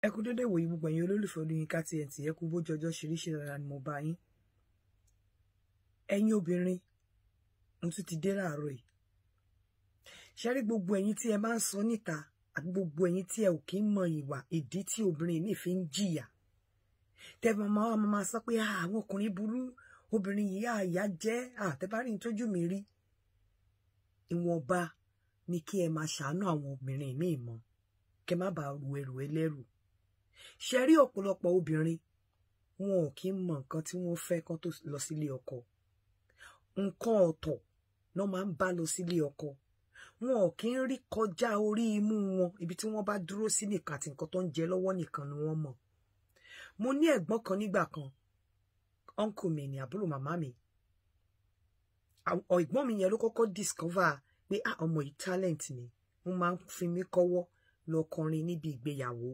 ẹ kú dédé wòyí gbogbo ẹ̀yin olólùfẹ́ Olúyinká TNT ẹ kú bójú ọjọ́ ṣiríṣi rárá ni mo bá yín ẹ̀yin obìnrin mo tún ti dé láàárọ̀ yìí ṣe rí gbogbo ẹ̀yin tí ẹ máa ń sọ níta àti gbogbo ẹ̀yin tí ẹ ò kí ń mọ ìwà ìdí tí obìnrin mi fi ń jìyà tẹ́bí ọmọ wa máa sọ pé àwọn ọkùnrin burú obìnrin yìí àyà jẹ́ àtẹ́bárìn tójú mi rí ìwọ̀nba ni kí ẹ máa ṣàánú àwọn obìnrin míì mọ́ kẹ má bàa ru ẹrù ẹlẹ́rù ṣe rí ọ̀pọ̀lọpọ̀ obìnrin wọn ò kí ń mọ nǹkan tí wọ́n fẹ́ kán tó lọ sílé ọkọ nǹkan ọ̀tọ̀ ló máa ń bá lọ sílé ọkọ wọn ò kí ń rí kọjá orí imú wọn ibi tí wọ́n bá dúró sí nìkan àti nǹkan tó ń jẹ lọ́wọ́ nìkan ni wọ́n mọ̀ mo ní ẹ̀gbọ́n kan nígbà kan ọ̀nkù mi ni àbúrò màmá mi ẹ̀gbọ́n mi yẹn ló kọ́kọ́ discover pé ah, ọmọ yìí talent ni wọ́n máa ń fi mí kọ́wọ́ lọ kọrin níbi ìgbéyàwó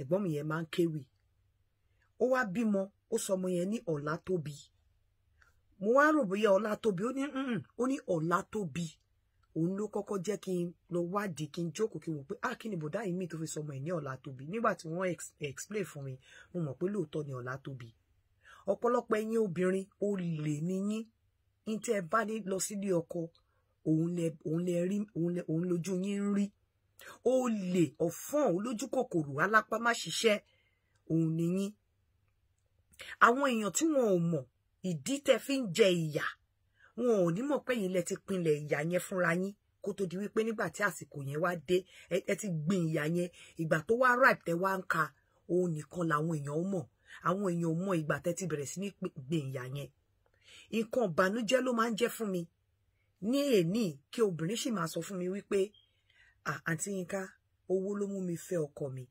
ẹ̀gbọ́n mi yẹn máa ń kéwì ó wá bímọ ó sọ ọmọ yẹn ní Ọlátóbi mo wá rò bóyá Ọlátóbi ó ní ó ní Ọlátóbi òun ló kọ́kọ́ jẹ́ kí n lọ wádìí kí n jókòó kí n wò pé ah kí ni bọ̀dá yìí mi tó fi sọmọ ẹ̀ ní Ọlátóbi nígbà tí wọ́n explain fún mi mo mọ̀ pé lóòótọ́ ni Ọlátóbi ọ̀pọ̀lọpọ̀ ẹ̀yin obìnrin ó lè ní yín ní tẹ́ ẹ bá lọ sílé ọkọ òun lójú yín rí olè ọ̀fọ́n olójú kòkòrò alápá má ṣiṣẹ́ òun nìyí àwọn èèyàn tí wọn ò mọ ìdí tẹ́ fi ń jẹ ìyà wọn ò ní mọ̀ pé yín lẹ ti pinlẹ̀ ìyà yẹn fúnra yín kó tó di wípé nígbà tí àsìkò yẹn wá dé ẹ ti gbin ìyà yẹn ìgbà tó wá ripe tẹ́ wá ń ka òun nìkan làwọn èèyàn mọ̀ àwọn èèyàn ò mọ ìgbà tẹ́ ti bẹ̀rẹ̀ sí ní gbin ìyà yẹn nǹkan ìbànújẹ́ ló máa ń jẹ́ fún mi ní èní kí obìnrin sì máa sọ fún mi wípé àǹtí Yínká owó ló mú mi fẹ́ ọkọ mi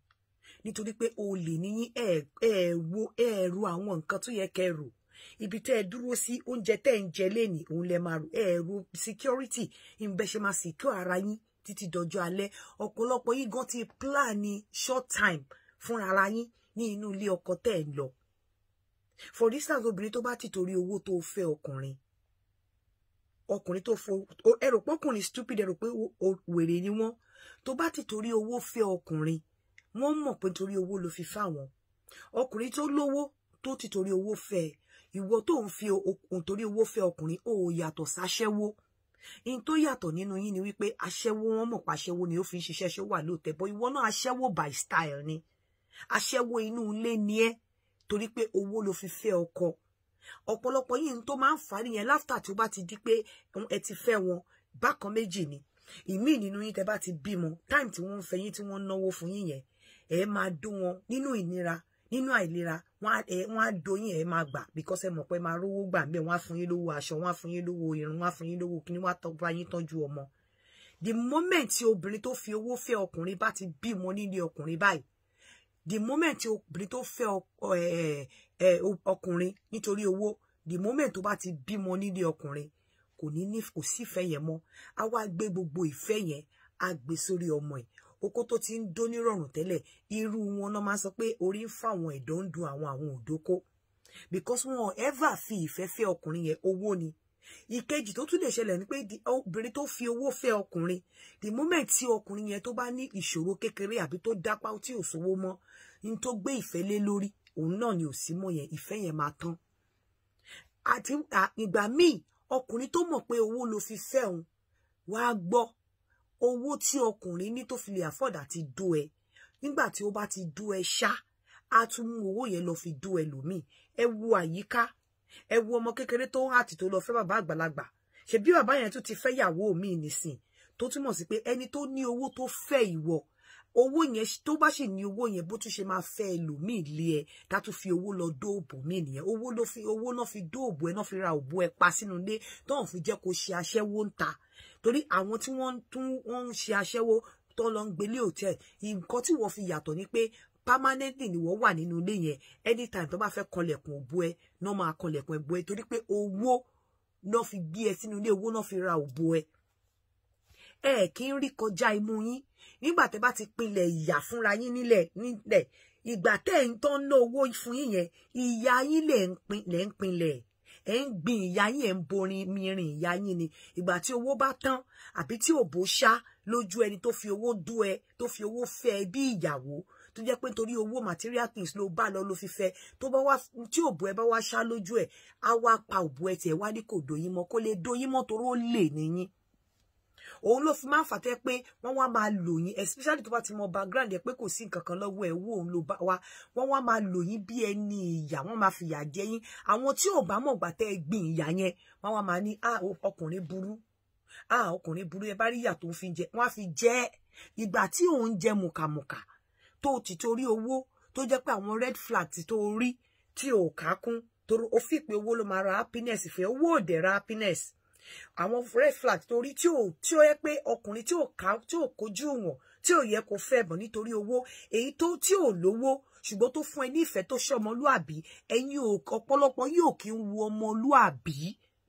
nítorí pé olè níyín ẹ ẹ wo ẹ ru àwọn nǹkan tó yẹ kẹ́ rò ibi tẹ́ ẹ dúró sí oúnjẹ tẹ́ ẹ ń jẹ lẹ́nìí òun lẹ máa rò ẹ ro security ìbẹ̀ ṣe máa secure ara yín títí dọjọ́ alẹ́ ọ̀pọ̀lọpọ̀ yín gan ti plan short time fúnra ara yín ní inú ilé ọkọ tẹ́ ẹ lọ for instance obìnrin tó bá ti torí owó tó fẹ́ ọkùnrin ọkùnrin tó fo ẹrù pọkùnrin stupid ẹrù pé wèrè ni wọ́n tó bá ti torí owó fẹ́ ọkùnrin wọ́n mọ̀ pé torí owó ló fi fáwọn ọkùnrin tó lówó tó ti torí owó fẹ́ ìwọ tó ń fi torí owó fẹ́ ọkùnrin ó yàtọ̀ sáṣẹ́wó in tó yàtọ̀ nínú yín ni wípé aṣẹ́wó wọ́n mọ̀ pa aṣẹ́wó ni ó fi ń ṣiṣẹ́ ṣó wà lóòótẹ́ bọ́ ìwọ náà aṣẹ́wó by style ni aṣẹ́wó inú ilé ni ẹ́ torí pé owó ló fi fẹ́ ọkọ ọ̀pọ̀lọpọ̀ yìí tó máa ń fà á nìyẹn láftà tí ó bá ti di pé ẹ ti fẹ́ wọn bákan méjì ni ìmíì nínú yín tẹ́ bá ti bímọ táìmù tí wọ́n ń fẹ́ yín tí wọ́n ń náwó fún yín yẹn ẹ máa dún wọn nínú ìnira nínú àìlera wọn á doyín ẹ máa gbà bíkọ́sẹ̀ mọ̀ pé máa rówó gbà ńbẹ̀ wọn á fún yín lówó aṣọ wọn á fún yín lówó irun wọn á fún yín lówó kíní wọn á tọ́gbà yín tọ́jú ọmọ the moment tí obìnrin tó fi owó fẹ́ ọkùnrin bá ti bímọ nílé ọkùnrin báyìí the moment tí obìnrin tó fẹ́ ọkùnrin nítorí owó the moment tó bá ti bímọ nílé ọkùnrin kò ní ní kò sífẹ̀ẹ́ yẹn mọ́ á wá gbé gbogbo ìfẹ́ yẹn á gbé sórí ọmọ ẹ̀ oko tó ti ń dó nírọ̀rùn tẹ́lẹ̀ irú wọn náà máa sọ pé orí ń fà àwọn ẹ̀dọ́ ń dun àwọn àwọn òdókó because wọn ever fi ìfẹ́ fẹ́ ọkùnrin yẹn owó ni ìkejì tó tún lè ṣẹlẹ̀ ni pé obìnrin tó fi owó fẹ́ ọkùnrin the moment tí ọkùnrin yẹn tó bá ní ìṣòro kékeré àbí tó dápá tí ò sówó mọ́ ní tó gbé ìfẹ́ lé lórí òun náà ni ò sí mọ́ yẹn ìfẹ́ yẹn máa tán àti ìgbà míì ọkùnrin tó mọ̀ pé owó ló fi fẹ́ òun wàá gbọ́ owó tí ọkùnrin ní tó fi lè àfọ̀dà ti dó ẹ nígbà tí ó bá ti dó ẹ ṣá á tún mú owó yẹn lọ fi dó ẹ lòmíì ẹ wo àyíká ẹ wo ọmọ kékeré tó ń hàtì tó lọ fẹ́ bàbá àgbàlagbà ṣe bí bàbá yẹn tún ti fẹ́ yàwó mi nìsín tó túmọ̀ sí pé ẹni tó ní owó tó fẹ́ ìwọ Owo yẹn tó bá ṣì ní owó yẹn bó tún ṣe máa fẹ́ ẹlòmíì lé ẹ tá tún fi owo lọ dóòbò mí nìyẹn owó ló fi owo náà fi dóòbò ẹ náà fi ra òbò ẹ pa sínú ilé tóun fi jẹ́ kó ṣe aṣẹ́wó ń ta torí àwọn tí wọ́n tún wọ́n ń ṣe aṣẹ́wó tó lọ ń hotel òtẹ́ẹ̀lì nǹkan tí fi yàtọ̀ ni pé permanently ni wọ́n wà nínú ilé yẹn anytime tó bá fẹ́ kanlẹ̀kùn òbò ẹ náà máa kanlẹ̀kùn ẹ̀bọ ẹ torí pé owó náà fi gbé ẹ sínú ilé owo náà fi ra òbò ẹ ẹ kí ń rí kọjá imú yín nígbà tẹ́ bá ti pinlẹ̀ ìyà fúnra yín nílẹ̀ nílẹ̀ ìgbà tẹ́ ń tán ná owó fún yín yẹn ìyà yín lẹ̀ ń pinlẹ̀ ẹ̀ ń gbin ìyá yín ẹ̀ ń borin mirin ìyá yín ni ìgbà tí owó bá tán àbí tí òbó ṣá lójú ẹni tó fi owó dú ẹ tó fi owó fẹ́ ẹ bí ìyàwó tó jẹ́ pé nítorí owó material things ló bá lọ ló fi fẹ́ tó bá wá tí òbó ẹ bá wá ṣá lójú ẹ á wá pa òbó ẹ tiẹ̀ wá ní kò dòyín mọ́ kó lè dòyín mọ́ torí ó lè níyín òun ló fi máa ń fàtẹ́ pé wọ́n wá máa lò yín especially tó bá ti mọ background ẹ̀ pé kò sí nǹkan kan lọ́wọ́ ẹ̀ wó òun ló bá wa wọ́n wá máa lò yín bí ẹni ìyà wọ́n máa fìyà jẹ yín àwọn tí ò bá mọ̀ gbà tẹ́ ẹ gbin ìyà yẹn wọ́n wá máa ní ọkùnrin burú ọkùnrin burú ẹ bá rí ìyà tó ń fi jẹ wọ́n á fi jẹ ìgbà tí òun jẹ mùkàmùkà tó ti torí owó tó jẹ́ pé àwọn red flag ti tó rí tí ò kákún torí ó fi pé owó ló máa ra happiness ìfẹ́ owó ò dẹ̀ ra happiness àwọn red flag torí tí ò tí ó yẹ pé ọkùnrin tí ò ká tí ò kojú wọn tí ò yẹ kó fẹ́ bọ̀ nítorí owó èyí tó tí ò lówó ṣùgbọ́n tó fún ẹ ní ìfẹ́ tó ṣọmọlúàbí ẹ̀yin ọ̀pọ̀lọpọ̀ yóò kí ń wo ọmọlúàbí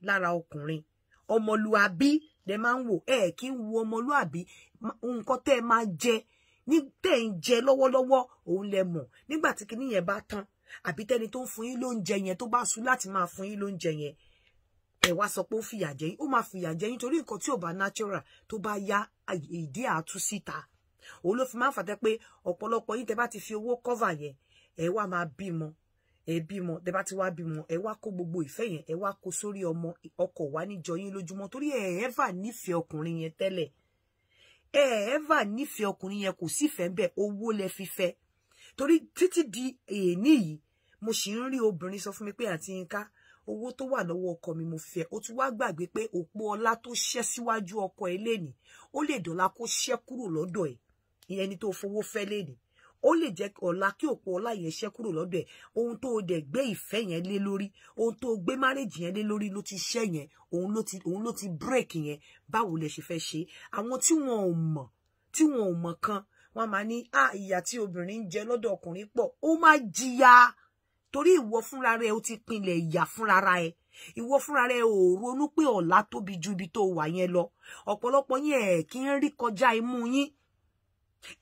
lára ọkùnrin ọmọlúàbí lẹ máa ń wò ẹ kí ń wo ọmọlúàbí nǹkan tẹ́ ẹ máa jẹ ní tẹ́ ẹ ń jẹ lọ́wọ́lọ́wọ́ òun lẹ mọ̀ nígbà tí kinní yẹn bá tán àbí tẹ́ni tó ń fún yín lóúnjẹ yẹn tó bá sú láti máa fún yín lóúnjẹ yẹn ẹ wá sọ pé ó fìyà jẹ yín ó máa fìyà jẹ yín torí nǹkan tí ò bá natural tó bá ya ìdí àtú síta òun ló fi máa ń fàtẹ́ pé ọ̀pọ̀lọpọ̀ yín tẹ bá ti fi owó cover yẹn ẹ wá máa bímọ ẹ bímọ tẹ bá ti wá bímọ ẹ wá kó gbogbo ìfẹ́ yẹn ẹ wá kó sórí ọmọ ọkọ wá níjọ yín lójúmọ́ torí ẹ ẹ̀ẹ́fà nífẹ̀ẹ́ ọkùnrin yẹn tẹ́lẹ̀ ẹ ẹ̀ẹ́fà ọkùnrin yẹn kò sífẹ̀ẹ́ bẹ́ẹ̀ owó lẹ fi fẹ́ torí títí di èèní yìí mo sì ń rí obìnrin sọ fún mi pé àti Yinka owó tó wà lọ́wọ́ ọkọ mi mo fẹ́ ó tún wá gbàgbé pé òpó ọlá tó ṣẹ́ síwájú ọkọ ẹ lénìí ó lè dọ̀la kó ṣẹ́ kúrò lọ́dọ̀ ẹ̀ ìyẹn ni tó fowó fẹ́ lénìí ó lè jẹ́ ọ̀la kí òpó ọlá yẹn ṣẹ́ kúrò lọ́dọ̀ ẹ̀ ohun tó dẹ̀ gbé ìfẹ́ yẹn lé lórí ohun tó gbé márèjì yẹn lé lórí ló ti ṣẹ́ yẹn òun ló ti òun ló ti break yẹn báwo lẹ ṣe fẹ́ ṣe àwọn tí wọn ò mọ̀ tí wọn ò mọ̀ kan wọn máa ní ah ìyà tí obìnrin ń jẹ lọ́dọ̀ ọkùnrin pọ̀ ó máa jìyà torí ìwọ fúnra rẹ o ti pinlẹ̀ ìyà fúnra ra ẹ ìwọ fúnra rẹ ò ronú pé ọ̀la tóbi ju ibi tó wà yẹn lọ ọ̀pọ̀lọpọ̀ yín ẹ̀ kí ń rí kọjá imú yín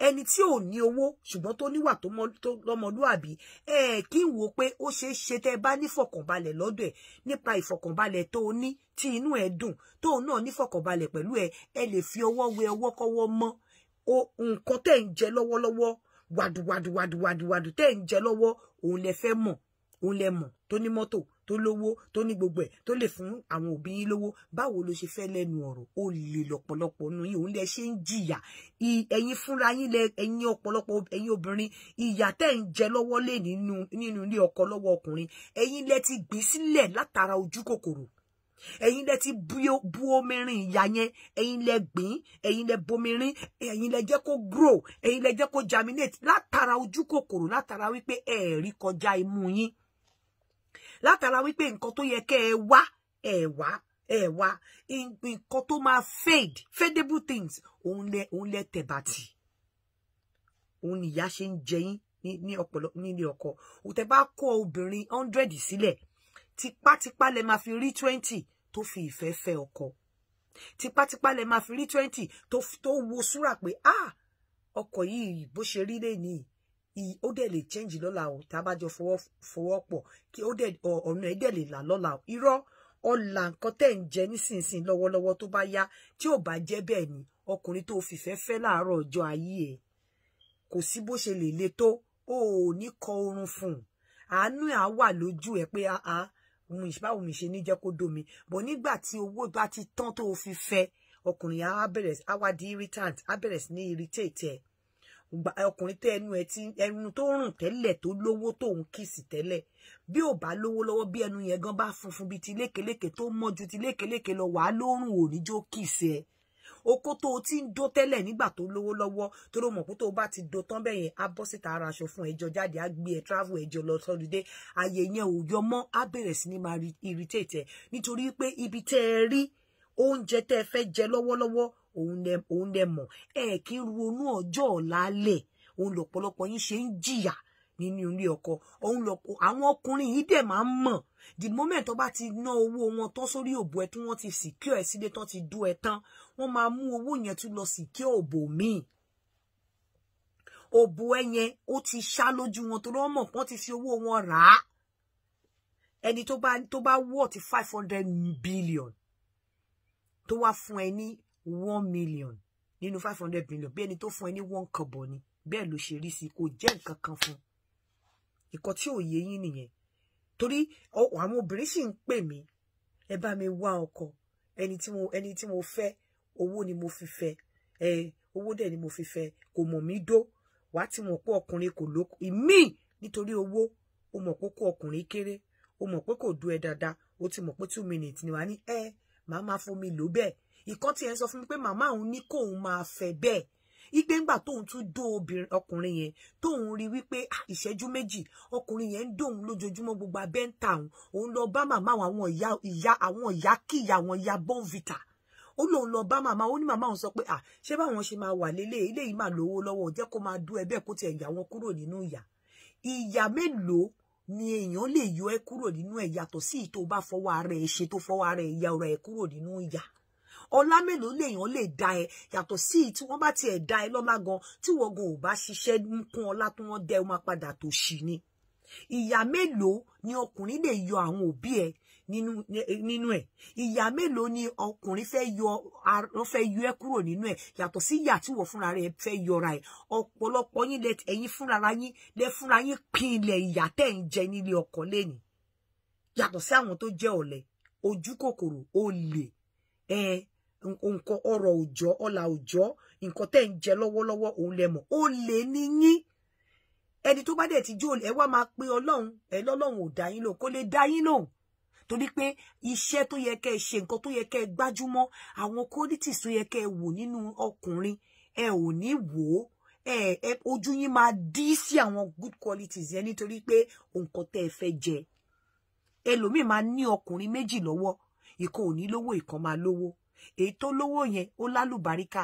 ẹni tí ò ní owó ṣùgbọ́n tó níwà tó lọ́mọlúàbí ẹ kí n wò pé ó ṣeé ṣe tẹ́ bá nífọ̀kànbalẹ̀ lọ́dọ̀ ẹ̀ nípa ìfọ̀kànbalẹ̀ tó o ní tí inú ẹ̀ dùn tóun náà nífọ̀kànbalẹ̀ pẹ̀lú ẹ ẹ lè fi ọwọ́ wẹ ọwọ́ kọ́wọ́ mọ́ nǹkan tẹ́ ń jẹ lọ́wọ́lọ́wọ́ Wadu wadu wadu wadu wàdùwàdùwàdùwàdù tẹ́ ń jẹ lọ́wọ́ òun lẹ fẹ́ mọ̀ òun lẹ mọ̀ tó ní mọ́tò tó lówó tó ní gbogbo ẹ̀ tó lè fún àwọn òbí yín lówó báwo ló ṣe fẹ́ lẹ́nu ọ̀rọ̀ ó lè lọ́pọ̀lọpọ̀ nu yìí òun lẹ ṣe ń jìyà ẹ̀yin fúnra yín lẹ ẹ̀yin ọ̀pọ̀lọpọ̀ ẹ̀yin obìnrin ìyà tẹ́ ń jẹ lọ́wọ́ lé nínú nínú ilé ọkọ lọ́wọ́ ọkùnrin ẹ̀yin lẹ ti gbìn sílẹ̀ látara ojú kòkòrò ẹ̀yin lẹ ti bú omi rin ìyá yẹn ẹ̀yin lẹ gbìn ẹ̀yin lẹ bomi rin ẹ̀yin lẹ jẹ́ kó grow ẹ̀yin lẹ jẹ́ kó germinate látara ojú kòkòrò látara wípé ẹ rí kọjá imú yín látara wípé nǹkan tó yẹ kẹ́ ẹ wá ẹ wá ẹ wá nǹkan tó máa fade fadeable things òun lẹ òun lẹ tẹ̀bàtì òun nìyá ṣe ń jẹ yín ní ọpọlọ nílé ọkọ òtẹ bá kọ obìnrin hundred sílẹ̀ tipátipá lẹ máa fi rí twenty tó fi ìfẹ́ fẹ́ ọkọ tipátipá lẹ máa fi rí twenty tó wo súrà pé ah ọkọ yìí bó ṣe rí lẹ́nìí ó dẹ̀ lè change lọ́la o tá a bá jọ fọwọ́ pọ̀ kí ọ̀nà ẹ̀ dẹ̀ lè là lọ́la o irọ́ ọ̀la nǹkan tẹ̀ ń jẹ nísinsìnyí lọ́wọ́lọ́wọ́ tó bá yá tí ò bá jẹ́ bẹ́ẹ̀ ni ọkùnrin tó fìfẹ́ fẹ́ láàárọ̀ ọjọ́ ayé ẹ̀ kò sí bó ṣe lè le tó o ní kọ oorun fún un àánú ẹ̀ á wà lójú ẹ̀ pé áá ah, ah, báwo mi ṣe ní jẹ́ kó domi bọ̀ nígbà tí owó bá ti tán tó o fi fẹ́ ọkùnrin á bẹ̀rẹ̀ á wá di irritant á bẹ̀rẹ̀ sí ní irritate ẹ̀ ọkùnrin tẹ ẹnu ẹ ti ẹnu tó rùn tẹ́lẹ̀ tó lówó tó ń kìsì tẹ́lẹ̀ bí ò bá lówó lọ́wọ́ bí ẹnu yẹn gan bá funfun bíi ti lékeleke tó mọ́ ju ti lékeleke lọ wàá lórùn òní jó kìsì ẹ̀ oko tó o ti ń dó tẹ́lẹ̀ nígbà tó lówó lọ́wọ́ tó ló mọ̀ pé tó o bá ti do tán bẹ́yẹn á bọ́ síta ara aṣọ fún ẹjọ́ jáde á gbé ẹ travel ẹjọ́ lọ sọ́dúndé ààyè yẹn ò yọ mọ́ á bẹ̀rẹ̀ sí ni máa irritate ẹ nítorí pé ibi tẹ́ ẹ rí oúnjẹ tẹ́ ẹ fẹ́ jẹ lọ́wọ́lọ́wọ́ òun lẹ mọ̀ ẹ kì í ronú ọjọ́ ọ̀la lẹ̀ òun lọ̀pọ̀lọpọ̀ yín ṣe ń jìyà nínú ilé ọkọ òun lọpọ àwọn ọkùnrin yìí dẹ̀ máa ń mọ̀ the moment tó bá ti ná owó wọn tán sórí òbò ẹ tí wọ́n ti secure ẹ sílé tán ti dú ẹ tán wọ́n máa mú owó yẹn tún lọ secure òbò míì òbò ẹ yẹn ó ti ṣá lójú wọn tó lọ́mọ wọ́n ti fi owó wọn rà á ẹni tó bá tó bá worth five hundred billion tó wá fún ẹ ní one million nínú five hundred billion bí ẹni tó fún ẹ ní one kọ̀bọ̀ ni bẹ́ẹ̀ ló ṣe rí sí kò jẹ́ nǹkan kan fún un nǹkan tí ò yé yín nìyẹn torí àwọn obìnrin sì ń pè mí ẹ bá mi wá ọkọ ẹni tí mo ẹni tí mo fẹ́ owó ni mo fi fẹ́ ẹ owó dẹ̀ ni mo fi fẹ́ kò mọ̀ mí dó wàá ti mọ̀ pé ọkùnrin kò lóko ìmí nítorí owó o mọ̀ pé kó ọkùnrin kéré o mọ̀ pé kò dú ẹ dáadáa o ti mọ̀ pé two minutes ni wàá ní ẹ màá máa fomi lò bẹ́ẹ̀ ìkan tí ẹ ń sọ fún mi pé màmá òun ní kóun máa fẹ́ bẹ́ẹ̀ igbe ńgbà tóun tún dó obìnrin ọkùnrin yẹn tóun rí wípé ìṣẹ́jú méjì ọkùnrin yẹn ń dóun lójoojúmọ́ gbogbo abẹ́ ń ta òun òun lọ bá màmá àwọn ìyá ìyá àwọn ìyá kíyà àwọn ìyá bọ́ǹvìtà ó lóun lọ bá màmá ó ní màmá òun sọ pé à ṣé báwọn ṣe máa wà lélẹ̀ ilé yìí máa lówó lọ́wọ́ jẹ́ kó máa dún ẹbẹ́ kó tiẹ̀ yà wọn kúrò nínú ìyà ìyà mélòó ni èèyàn lè yọ ẹ kúrò nínú ẹ yàtọ̀ sí to bá fọwọ́ ara ẹ ṣe tó fọwọ́ ara ẹ ya ọ̀rọ̀ ẹ kúrò ọlá mélòó lèèyàn lè dá ẹ yàtọ̀ sí i tí wọ́n bá tiẹ̀ dá ẹ lọ́lá gan tí wọ́n gan ò bá ṣiṣẹ́ ń kún ọlá tí wọ́n dẹ ọ máa padà tó ṣì ni ìyà mélòó ni ọkùnrin lè yọ àwọn òbí ẹ nínú nínú ẹ ìyà mélòó ni ọkùnrin fẹ́ yọ wọ́n fẹ́ yọ ẹ́ kúrò nínú ẹ yàtọ̀ sí ìyà tí wọ́n fúnra rẹ̀ fẹ́ yọra ẹ ọ̀pọ̀lọpọ̀ yín lẹ ẹ̀yin fúnra ra yín lẹ fúnra yín pin ilẹ̀ ìyà tẹ́ ń jẹ nílé ọkọ lẹ́ni yàtọ̀ sí àwọn tó jẹ́ ọ̀lẹ ojú kòkòrò olè ẹ nǹkan ọrọ̀ òjọ́ ọlà òjọ́ nǹkan tẹ́ ń jẹ lọ́wọ́lọ́wọ́ òun lẹ mọ̀ ó lè ní yín ẹni tó bá dẹ̀ ti jó ẹ wá máa pe ọlọ́run ẹ lọ́lọ́run ò dá yín lò kó lè dá yín lò torí pé iṣẹ́ tó yẹ kẹ́ ẹ ṣe nǹkan tó yẹ kẹ́ ẹ gbájúmọ́ àwọn qualities tó yẹ kẹ́ ẹ wò nínú ọkùnrin ẹ ò ní wò ó ẹ ẹ ojú yín máa dí sí àwọn good qualities yẹn nítorí pé nǹkan tẹ́ ẹ fẹ́ jẹ ẹlòmíì máa ní ọkùnrin méjì lọ́wọ́ ìkan ò ní lówó ìkan máa lówó èyí tó lówó yẹn ó lálùbáríkà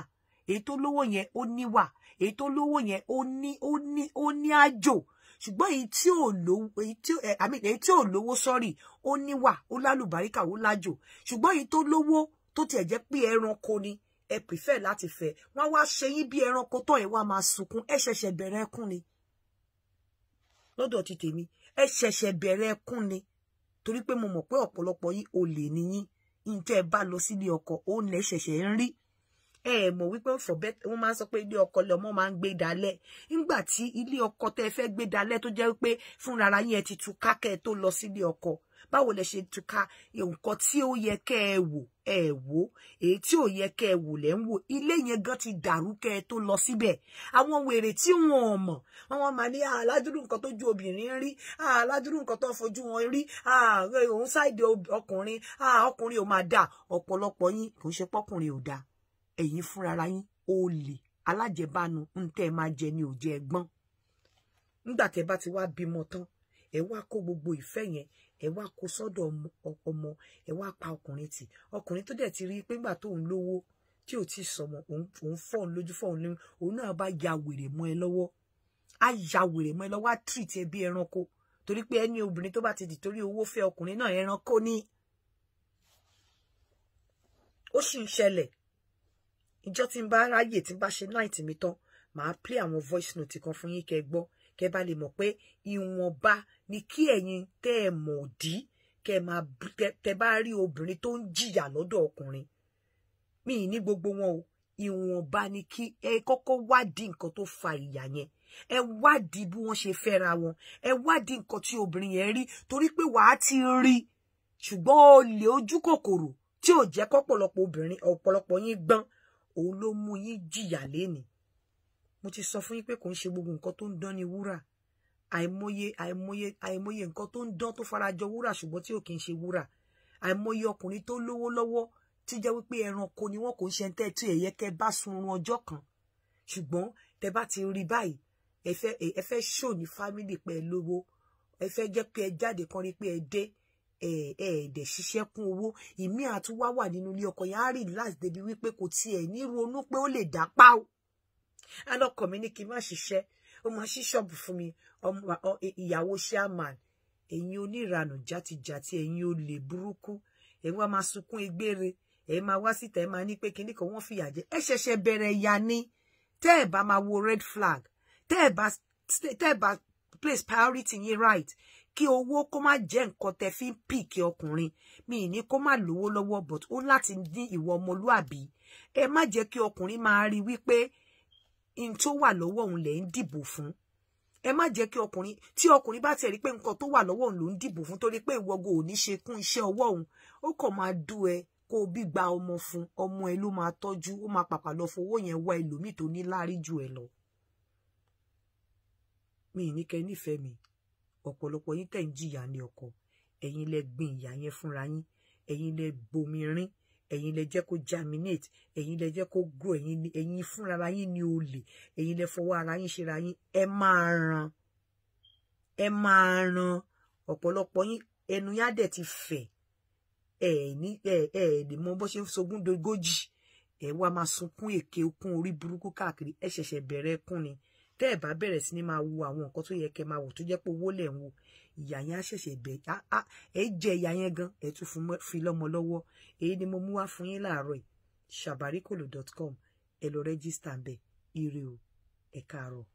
èyí tó lówó yẹn ó níwà èyí tó lówó yẹn ó ní ó ní ó ní àjò ṣùgbọ́n èyí tí ò lówó èyí tí eh, i mean èyí tí ò lówó sọ́rí ó níwà ó lálùbáríkà ó lájò ṣùgbọ́n èyí tó lówó tó tiẹ̀ jẹ́ pé ẹranko ni ẹ prefer láti fẹ́ wọ́n wá ṣe yín bí ẹranko tó ẹ̀ wá máa sunkún ẹ ṣẹ̀ṣẹ̀ bẹ̀rẹ̀ ẹkún ni lọ́dọ̀ ti tèmi ẹ ṣẹ̀ṣẹ̀ bẹ̀rẹ̀ ẹkún ni torí pé mo mọ̀ pé ọ̀pọ̀lọpọ̀ yín olè ni yín ǹjẹ́ ba bá lọ sílé ọkọ ó nẹ ṣẹ̀ṣẹ̀ ń rí mo mọ̀ wípé for bet wọ́n máa ń sọ pé ilé ọkọ lọmọ máa ń gbé dalẹ̀ nígbà tí ilé ọkọ tẹ́ fẹ́ gbé dalẹ̀ tó jẹ́ pé fúnra ara yín ẹ ti tú kákẹ́ tó lọ sílé ọkọ báwo lẹ ṣe túká nǹkan tí ó yẹ kẹ́ ẹ wò ẹ wò èyí tí ò yẹ kẹ́ ẹ wò lẹ ń wò ilé yẹn gan ti dàrú kẹ́ ẹ tó lọ síbẹ̀ àwọn wèrè tí wọn ò mọ̀ wọn máa ní aládùúrú nǹkan tó ju obìnrin rí aládùúrú nǹkan tó fojú wọn rí òun ṣáìdì ọkùnrin ọkùnrin ò máa dà ọ̀pọ̀lọpọ̀ yín kò ń ṣe pọ́kùnrin ò dà ẹ̀yin fúnra yín olè alájẹbánu ń tẹ́ ẹ máa jẹ ni ò jẹ nígbà tẹ́ bá ti wá bímọ tán ẹ wá kó gbogbo ìfẹ́ yẹn ẹ wá kó sọ́dọ̀ ọmọ ẹ wá pa ọkùnrin tì ọkùnrin tó dẹ̀ ti rí i pé ńgbà tóun lówó tí ò ti sọmọ òun fọ́ọ̀n lójú fọ́ọ̀n lóyún òun náà bá ya wèrè mọ́ ẹ lọ́wọ́ á ya wèrè mọ́ ẹ lọ́wọ́ á tìrìtì ẹ bí ẹranko torí pé ẹni obìnrin tó bá ti dì torí owó fẹ́ ọkùnrin náà ẹranko ni ó sì ń ṣẹlẹ̀ ìjọ tí ń bá ráyè tí ń bá ṣe náà ìtìmí màá play àwọn voice note kan fún yín kẹ́ gbọ́ kẹ́ bá lè mọ̀ pé ìwọ̀nba ni kí ẹ̀yin tẹ́ ẹ mọ̀ dí kẹ́ máa tẹ́ bá rí obìnrin tó ń jìyà lọ́dọ̀ ọkùnrin mi ní gbogbo wọn o ìwọ̀nba ni kí ẹ kọ́kọ́ wádìí nǹkan tó fa ìyà yẹn ẹ wádìí bí wọ́n ṣe fẹ́ra wọn ẹ wádìí nǹkan tí obìnrin yẹn rí torí pé wàá ti rí ṣùgbọ́n olè ojú kòkòrò tí ò jẹ́ kọ́pọ̀lọpọ̀ obìnrin ọ̀pọ̀lọpọ̀ yín gbọ́n òun ló mú yín jìyà lénìí mo ti sọ fún yín pé kò ń ṣe gbogbo nǹkan tó ń dán ni wúrà àìmọye àìmọye àìmọye nǹkan tó ń dán tó farajọ wúrà ṣùgbọ́n tí ò kì í ṣe wúrà àìmọye ọkùnrin tó lówó lọ́wọ́ tí jẹ́ wípé ẹranko ni wọn kò ń ṣe ń tẹ́tí ẹ̀yẹ kẹ́ bá sunrun ọjọ́ kan ṣùgbọ́n tẹ bá ti rí báyìí ẹ fẹ́ ẹ fẹ́ ṣò ní fámìlì pẹ̀ lówó ẹ fẹ́ jẹ́ pé ẹ jáde kan rí pé ẹ dé ẹ ẹ dẹ̀ ṣiṣẹ́ kún owó ìmí àtúwá wà nínú ilé ọkọ yẹn á rí láti débi wípé kò tiẹ̀ ní ronú pé ó lè dá pa o and not mi ní kí n má ṣiṣẹ́ ó máa ṣí ṣọ́ọ̀bù fún mi ìyàwó chairman ẹ̀yin oníranù játijàti ẹ̀yin olè burúkú ẹ wá máa sunkún egbére ẹ máa wá síta ẹ máa ní pé kinní kan wọ́n fìyà jẹ ẹ ṣẹ̀ṣẹ̀ bẹ̀rẹ̀ ya ni tẹ́ ẹ bá máa wo red flag tẹ́ ẹ bá tẹ́ ẹ bá place priority yín right kí owó kó má jẹ́ nǹkan tẹ́ fi ń pìkì ọkùnrin mi ní kó má lówó lọ́wọ́ but ó láti ní ìwọ ọmọlúàbí ẹ má jẹ́ kí ọkùnrin máa rí wípé in tó wà lọ́wọ́ òun lẹ̀ ń dìbò fún ẹ má jẹ́ kí ọkùnrin tí ọkùnrin bá tiẹ̀ rí pé nǹkan tó wà lọ́wọ́ òun ló ń dìbò fún torí pé ìwọgo ò ní ṣe kún iṣẹ́ ọwọ́ òun ó kàn máa dú ẹ o bí gba ọmọ fún ọmọ E ló máa tọ́jú ó máa pàpà lọ fowó yẹn wá ẹlòmíì tó ní láárí ju ẹ lọ. mi ì ní kẹ́ nífẹ̀ẹ́ mi ọ̀pọ̀lọpọ̀ yín tẹ̀ ń jìyà ní ọkọ ẹ̀yin gbin ìyà yẹn fúnra yín ẹ̀yin lẹ bomi rin ẹ̀yin lẹ jẹ́ kó germinate ẹ̀yin lẹ jẹ́ kó grow ẹ̀yin ẹ̀yin fúnra yín ni olè ẹ̀yin lẹ fọwọ́ ara yín ṣe ra yín ẹ máa ran ẹ máa ran ọ̀pọ̀lọpọ̀ yín ẹnu yá dẹ̀ ti fẹ̀ ẹ ní ẹ ẹ lè mọ bó ṣe sogún dogójì ẹ wá máa sunkún èké okun orí burúkú káàkiri ẹ ṣẹ̀ṣẹ̀ bẹ̀rẹ̀ kún ni tẹ́ ẹ̀ bá bẹ̀rẹ̀ sí ni máa wo àwọn nǹkan tó yẹ kẹ́ máa wò tó jẹ́ pé owó lẹ̀ ń wò ìyá yẹn á ṣẹ̀ṣẹ̀ bẹ̀ ẹ jẹ ìyá yẹn gan ẹ tún fún fi lọ́mọ lọ́wọ́ èyí ni mo mú wá fún yín láàárọ̀ yìí shabarikolo dot com ẹ lọ rẹ́gísítà ń bẹ̀ ire o ẹ káàárọ̀.